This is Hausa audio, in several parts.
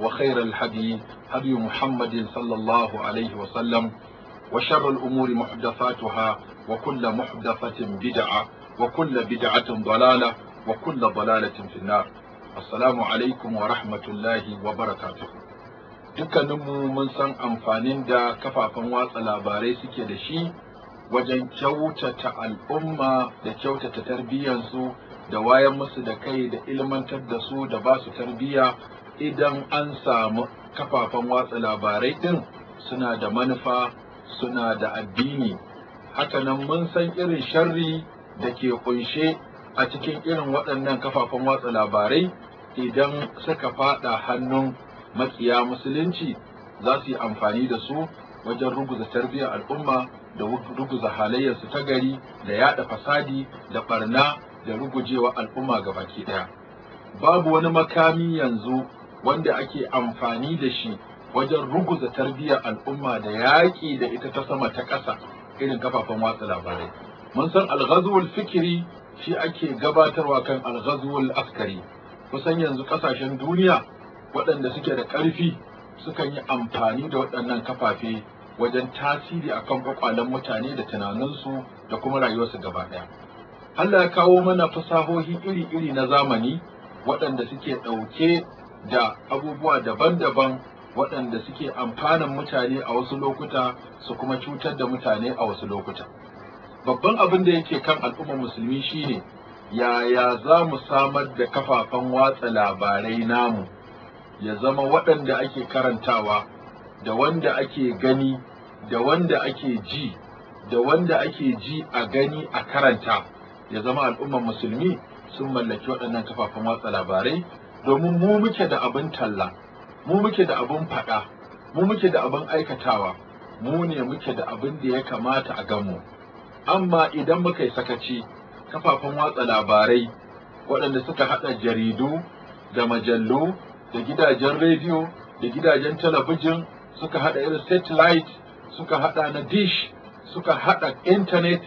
وخير الهدي هدي محمد صلى الله عليه وسلم وشر الأمور محدثاتها وكل محدثة بدعة وكل بدعة ضلالة وكل ضلالة في النار السلام عليكم ورحمة الله وبركاته dukkaninmu mun san amfanin da kafafen watsa labarai suke da shi wajen kyautata al'umma da kyautata tarbiyyansu da wayan musu da kai da ilmantar da su da ba su tarbiyya idan an samu kafafen watsa labarai din, suna da manufa suna da addini hakanan mun san irin sharri da ke kunshe a cikin irin waɗannan kafafen watsa labarai idan suka fada hannun makiya musulunci za su yi amfani da su wajen ruguza tarbiyyar al'umma da ruguza halayyarsu ta gari da yada fasadi da barna da rugujewa al'umma gabaki daya babu wani makami yanzu wanda ake amfani da shi wajen ruguza tarbiyyar al'umma da yaƙi da ita ta sama ta ƙasa irin kafafen watsa labarai mun san alghazwul fikiri shi ake gabatarwa kan alghazwul askari kusan yanzu ƙasashen duniya waɗanda suke da ƙarfi sukan yi amfani da waɗannan kafafe wajen tasiri akan kwakwalen mutane da tunaninsu da kuma rayuwarsu gaba ɗaya Allah ya kawo mana fasahohi iri-iri na zamani waɗanda suke ɗauke da abubuwa daban-daban waɗanda suke amfanan mutane a wasu lokuta su kuma cutar da mutane a wasu lokuta babban abin da yake kan al'ummar musulmi shine yaya za mu samar da kafafen watsa labarai namu ya zama waɗanda ake karantawa da wanda ake gani da wanda ake ji da wanda ake ji a gani a karanta ya zama al'ummar musulmi sun mallaki waɗannan kafafen watsa labarai domin mu muke da abin talla mu muke da abin faɗa mu muke da abin aikatawa mu ne muke da abin da ya kamata a gamu amma idan muka yi sakaci kafafen watsa labarai waɗanda suka haɗa jaridu da majallu da gidajen rediyo da gidajen talabijin suka haɗa irin satellite suka haɗa na dish suka haɗa intanet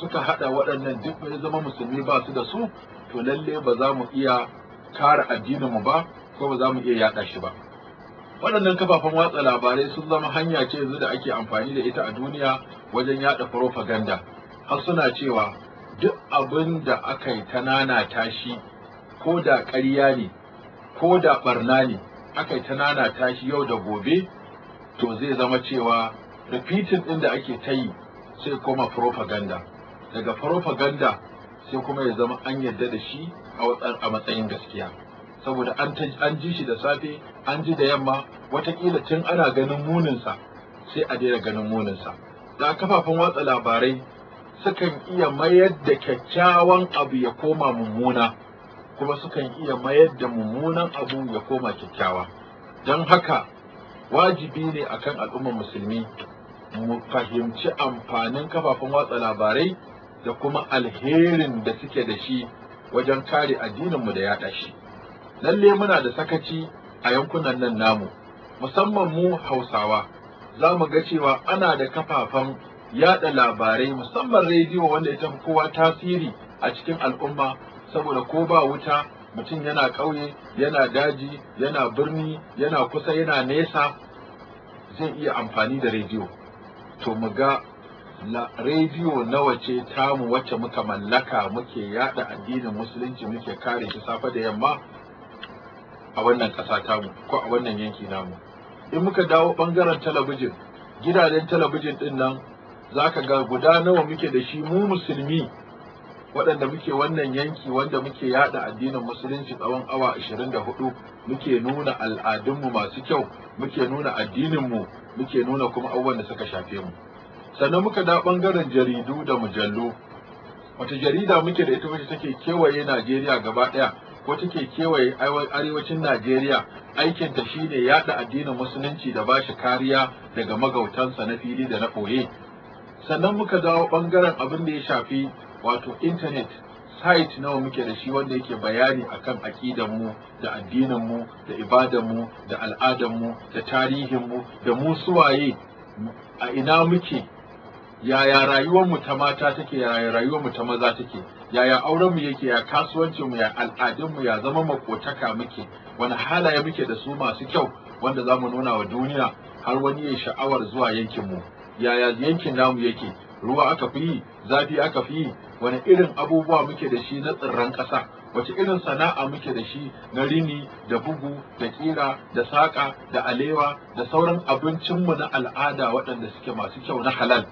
suka haɗa waɗannan duk zama musulmi ba su da su to lalle ba za mu iya kare addininmu ba ko ba za mu iya yaɗa shi ba waɗannan kafafen watsa labarai sun zama hanya ce yanzu da ake amfani da ita a duniya wajen yada propaganda har suna cewa duk abin da aka yi ta nanata shi ko da ƙarya ne ko da ɓarna ne aka yi ta nanata shi yau da gobe to zai zama cewa repeating ɗin da ake ta yi sai kuma propaganda daga propaganda sai kuma ya zama an yarda da shi a matsayin gaskiya saboda an ji shi da safe an ji da yamma watakila tun ana ganin muninsa sai a daina ganin muninsa da kafafen watsa labarai sukan iya mayar da kyakkyawan abu ya koma mummuna kuma sukan iya mayar da mummunan abu ya koma kyakkyawa don haka wajibi ne akan al'ummar musulmi mu fahimci amfanin kafafen watsa labarai da kuma alherin da suke da shi wajen kare addininmu da yaɗa shi lalle muna da sakaci a yankunan nan namu musamman mu hausawa za mu ga cewa ana da kafafen yada labarai musamman rediyo wanda ya tafi kowa tasiri a cikin al'umma saboda ko ba wuta mutum yana ƙauye yana daji yana birni yana kusa yana nesa zai iya amfani da rediyo to mu ga rediyo nawa ce tamu wacce muka mallaka muke yada addinin musulunci muke kare shi safe da yamma a wannan ƙasa tamu ko a wannan yanki namu in muka dawo ɓangaren talabijin gidajen talabijin din nan za ga guda nawa muke da shi mu musulmi waɗanda muke wannan yanki wanda muke yada addinin musulunci tsawon awa 24 muke nuna al'adunmu masu kyau muke nuna addininmu muke nuna kuma abubuwan da suka shafe mu sannan muka da ɓangaren jaridu da mujallu wata jarida muke da ita wacce take kewaye najeriya gaba ɗaya ko take kewaye arewacin najeriya aikinta shine yaɗa addinin musulunci da bashi kariya daga magautansa na fili da na ɓoye sannan muka dawo ɓangaren abin da ya shafi wato intanet site nawa muke da shi wanda yake bayani akan mu da addinin mu da mu da mu da tarihinmu da mu suwaye a ina muke yaya rayuwar mu ta mata take yaya rayuwar mu ta maza take yaya auren mu yake ya kasuwancin mu ya al'adun mu ya zama makotaka muke wani halaye muke da su masu kyau wanda za mu nuna wa duniya har wani ya sha'awar zuwa yankin mu yaya yankin namu yake ruwa aka fi yi zafi aka fi yi wani irin abubuwa muke da shi na tsirran ƙasa wace irin sana'a muke da shi na rini da bugu da kira da saƙa da alewa da sauran abincinmu na al'ada waɗanda suke masu kyau na halal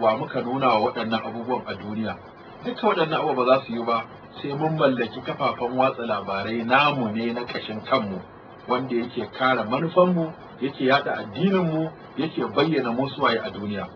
wa muka nuna wa waɗannan abubuwan a duniya duka waɗannan abubuwa ba za su yi ba sai mun mallaki kafafen watsa labarai namu ne na ƙashin kanmu wanda yake kare manufanmu yake yada addininmu yake bayyana musu waye a duniya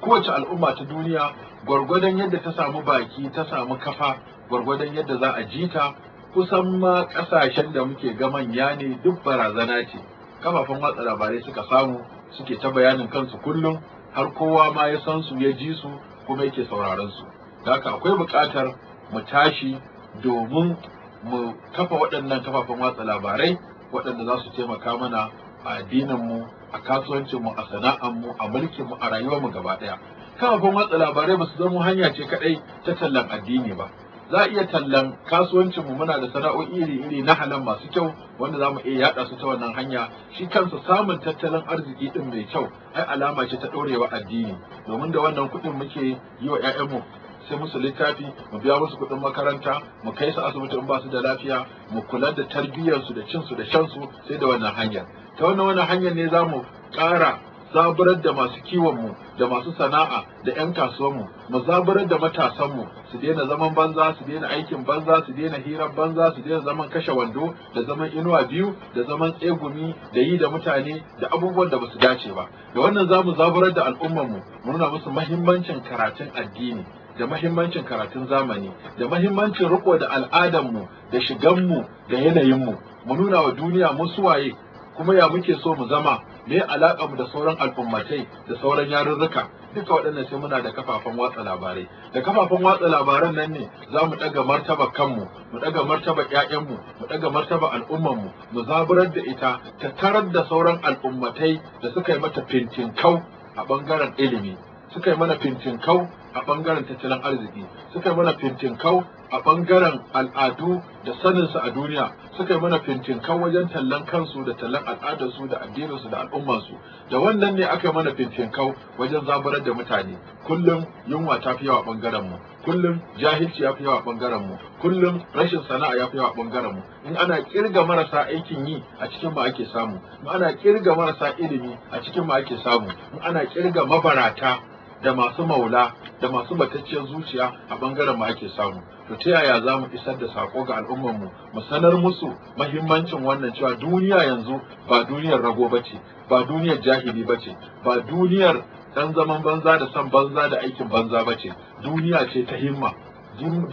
kowace al'umma ta duniya gwargwadon yadda ta samu baki ta samu kafa gwargwadon yadda za a ji ta kusan ma ƙasashen da muke ga manya ne duk barazana ce kafafen watsa labarai suka samu suke ta bayanin kansu kullum har kowa ma ya san su ya ji su kuma yake sauraron su haka akwai buƙatar mu tashi domin mu kafa waɗannan kafafen watsa labarai waɗanda za su taimaka mana a addininmu a kasuwancinmu a mu a mulkinmu a rayuwar mu gaba ɗaya kafafen watsa labarai ba su zama hanya ce kaɗai ta tallan addini ba za a iya tallan kasuwancinmu muna da sana'o'i iri-iri na halan masu kyau wanda za mu iya yaɗa su ta wannan hanya shi kansa samun tattalin arziki ɗin mai kyau ai alama ce ta ɗorewa addini domin da wannan kuɗin muke yi wa 'ya'yanmu sai musu littafi mu biya musu kuɗin makaranta mu kai su asibiti in ba su da lafiya mu kula da tarbiyyarsu da cinsu da shansu sai da wannan hanyar ta wannan wannan hanyar ne za mu ƙara zaburar da masu kiwonmu da masu sana'a da 'yan kasuwanmu mu zaburar da matasanmu su daina zaman banza su daina aikin banza su daina hirar banza su daina zaman kashe wando da zaman inuwa biyu da zaman tsegumi da yi da mutane da abubuwan da basu dace ba da wannan za mu zaburar da al'ummanmu mu nuna musu mahimmancin karatun addini da mahimmancin karatun zamani da mahimmancin riko da al'adarmu da shiganmu da yanayinmu mu nuna wa duniya mu suwaye kuma ya muke so mu zama me alaƙa mu da sauran al'ummatai da sauran yarurruka duka waɗannan sai muna da kafafen watsa labarai da kafafen watsa labaran nan ne za mu ɗaga martaba kanmu mu ɗaga martaba ƴaƴanmu mu ɗaga martaba al'ummanmu mu zaburar da ita ta tarar da sauran al'ummatai da suka yi mata fintinkau a ɓangaren ilimi suka yi mana fintinkau a bangaren tattalin arziki suka yi mana fintinkau a ɓangaren al'adu da saninsu a duniya suka yi mana fintinkau wajen tallan kansu da tallan al'adarsu da addininsu da al'ummarsu da wannan ne aka yi mana fintinkau wajen zaburar da mutane kullum yunwa ta fi yawa bangaren mu kullum jahilci ya fi yawa bangaren mu kullum rashin sana'a ya fi yawa bangaren mu in ana kirga marasa aikin yi a cikin ma ake samu in ana kirga marasa ilimi a cikin ma ake samu in ana kirga mabarata da masu maula da masu batacciyar zuciya a bangaren mu ake samu to ta yaya za mu isar da sako ga al'ummar mu mu sanar musu mahimmancin wannan cewa duniya yanzu ba duniyar rago bace ba duniyar jahili bace ba duniyar ɗan zaman banza da san banza da aikin banza bace duniya ce ta himma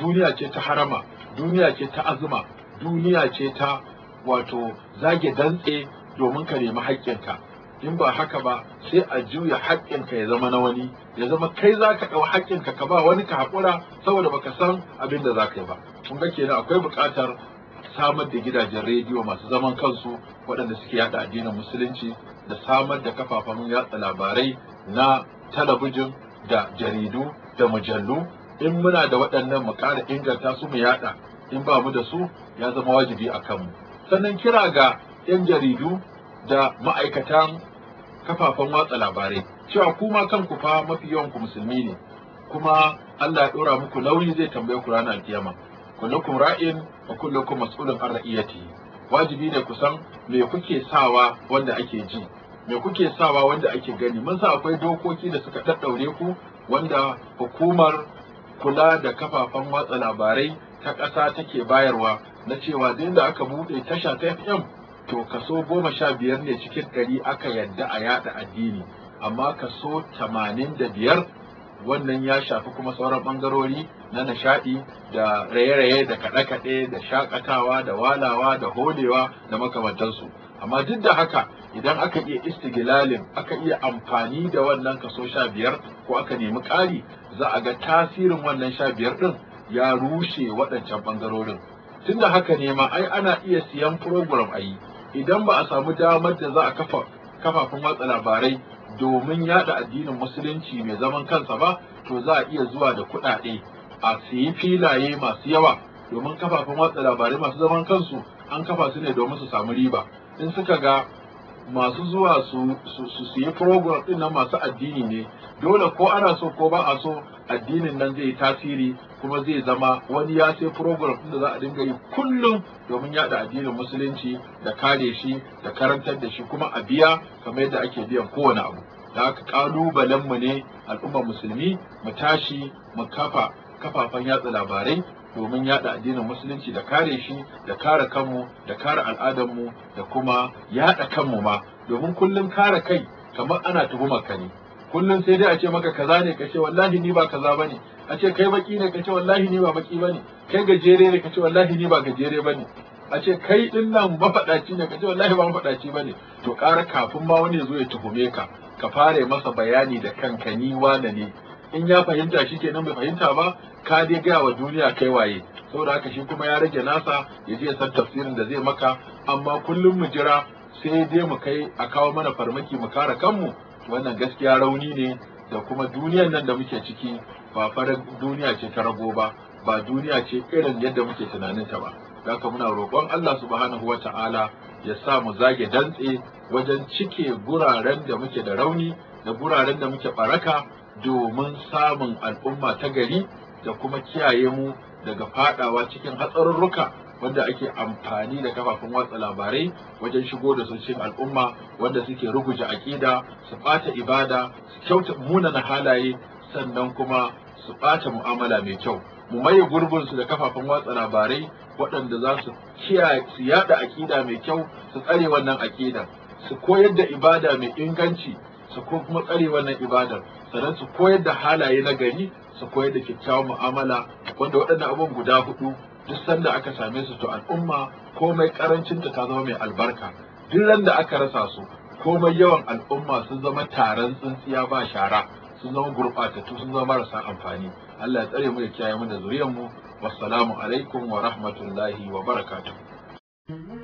duniya ce ta harama duniya ce ta azuma duniya ce ta wato zage dantse domin ka nemi haƙƙinka in ba haka ba sai a juya haƙƙinka ya zama na wani ya zama kai za ka ɗau haƙƙinka ka ba wani ka haƙura saboda baka san abin da za ka yi ba kun ga kenan akwai buƙatar samar da gidajen rediyo masu zaman kansu waɗanda suke yaɗa addinin musulunci da samar da kafafen yatsa labarai na talabijin da jaridu da mujallu in muna da waɗannan mu ƙara inganta su mu yaɗa in ba mu da su ya zama wajibi a kanmu sannan kira ga 'yan jaridu da ma'aikatan kafafen watsa labarai cewa kuma kanku fa mafi yawan ku musulmi ne kuma Allah ya dora muku nauyi zai tambaye ku ranar kiyama kullukum ra'in wa kullukum mas'ulun an ra'iyati wajibi ne ku san me kuke sawa wanda ake ji me kuke sawa wanda ake gani mun sa akwai dokoki da suka taddaure ku wanda hukumar kula da kafafen watsa labarai ta ƙasa take bayarwa na cewa duk da aka buɗe tasha ta FM to kaso goma sha biyar ne cikin ɗari aka yadda a yada addini amma kaso tamanin da biyar wannan ya shafi kuma sauran ɓangarori na nishaɗi da raye-raye da kaɗe-kaɗe da shakatawa da walawa da holewa da makamantansu amma duk da haka idan aka iya istigilalin aka iya amfani da wannan kaso sha biyar ko aka nemi ƙari za a ga tasirin wannan sha biyar ɗin ya rushe waɗancan ɓangarorin Tunda haka ne ma ai ana iya siyan program a yi idan ba a samu damar da za a kafa kafafen watsa labarai domin yada addinin musulunci mai zaman kansa ba to za a iya zuwa da kuɗaɗe a siyi filaye masu yawa domin kafafen watsa labarai masu zaman kansu an kafa su ne domin su samu riba in suka ga masu zuwa su su yi program ɗin nan masu addini ne dole ko ana so ko ba a so addinin nan zai yi tasiri kuma zai zama wani ya sai program da za a dinga yi kullum domin yada addinin musulunci da kare shi da karantar da shi kuma a biya kamar yadda ake biyan kowane abu da haka kalubalen mu ne al'ummar musulmi mu tashi mu kafa kafafen yatsa labarai domin yada addinin musulunci da kare shi da kare kanmu da kare al'adarmu da kuma yada kanmu ma domin kullum kare kai kamar ana tuhumar ka ne kullum sai dai a ce maka kaza ne kace wallahi ni ba kaza bane a ce kai baki ne kace wallahi ni ba baki bane kai gajere ne kace wallahi ni ba gajere bane a ce kai din nan fadaci ne kace wallahi ba fadaci bane to ƙara kafin ma wani ya zo ya tuhume ka ka fare masa bayani da kanka ni wane ne in ya fahimta shi ke nan bai fahimta ba ka dai gaya wa duniya kai waye saboda haka shi kuma ya rage nasa ya je san tafsirin da zai maka amma kullum mu jira sai dai mu kai a kawo mana farmaki mu kare kanmu wannan gaskiya rauni ne da kuma duniyan nan da muke ciki ba farar duniya ce ta rago ba ba duniya ce irin yadda muke tunanin ta ba haka muna roƙon Allah subhanahu wa ta'ala ya sa mu zage dantse wajen cike guraren da muke da rauni da guraren da muke baraka domin samun al'umma ta gari da kuma kiyaye mu daga fadawa cikin hatsarurruka wanda ake amfani da kafafen watsa labarai wajen shigo da su al'umma wanda suke ruguje aƙida su ɓata ibada su kyauta munana halaye sannan kuma su ɓata mu'amala mai kyau mu maye su da kafafen watsa labarai waɗanda za su su yaɗa aƙida mai kyau su tsare wannan aƙidar su koyar da ibada mai inganci su kuma tsare wannan ibadar sannan su koyar da halaye na gari su koyar da kyakkyawan mu'amala wanda waɗannan abubuwan guda hudu duk sanda aka same su to al'umma komai karancinta ta zama mai albarka duk randa aka rasa su komai yawan al'umma sun zama taron tsintsiya ba shara sun zama gurɓatattu sun zama marasa amfani Allah ya tsare mu ya kiyaye mu da zuriyar mu wassalamu alaikum wa rahmatullahi wa barakatuh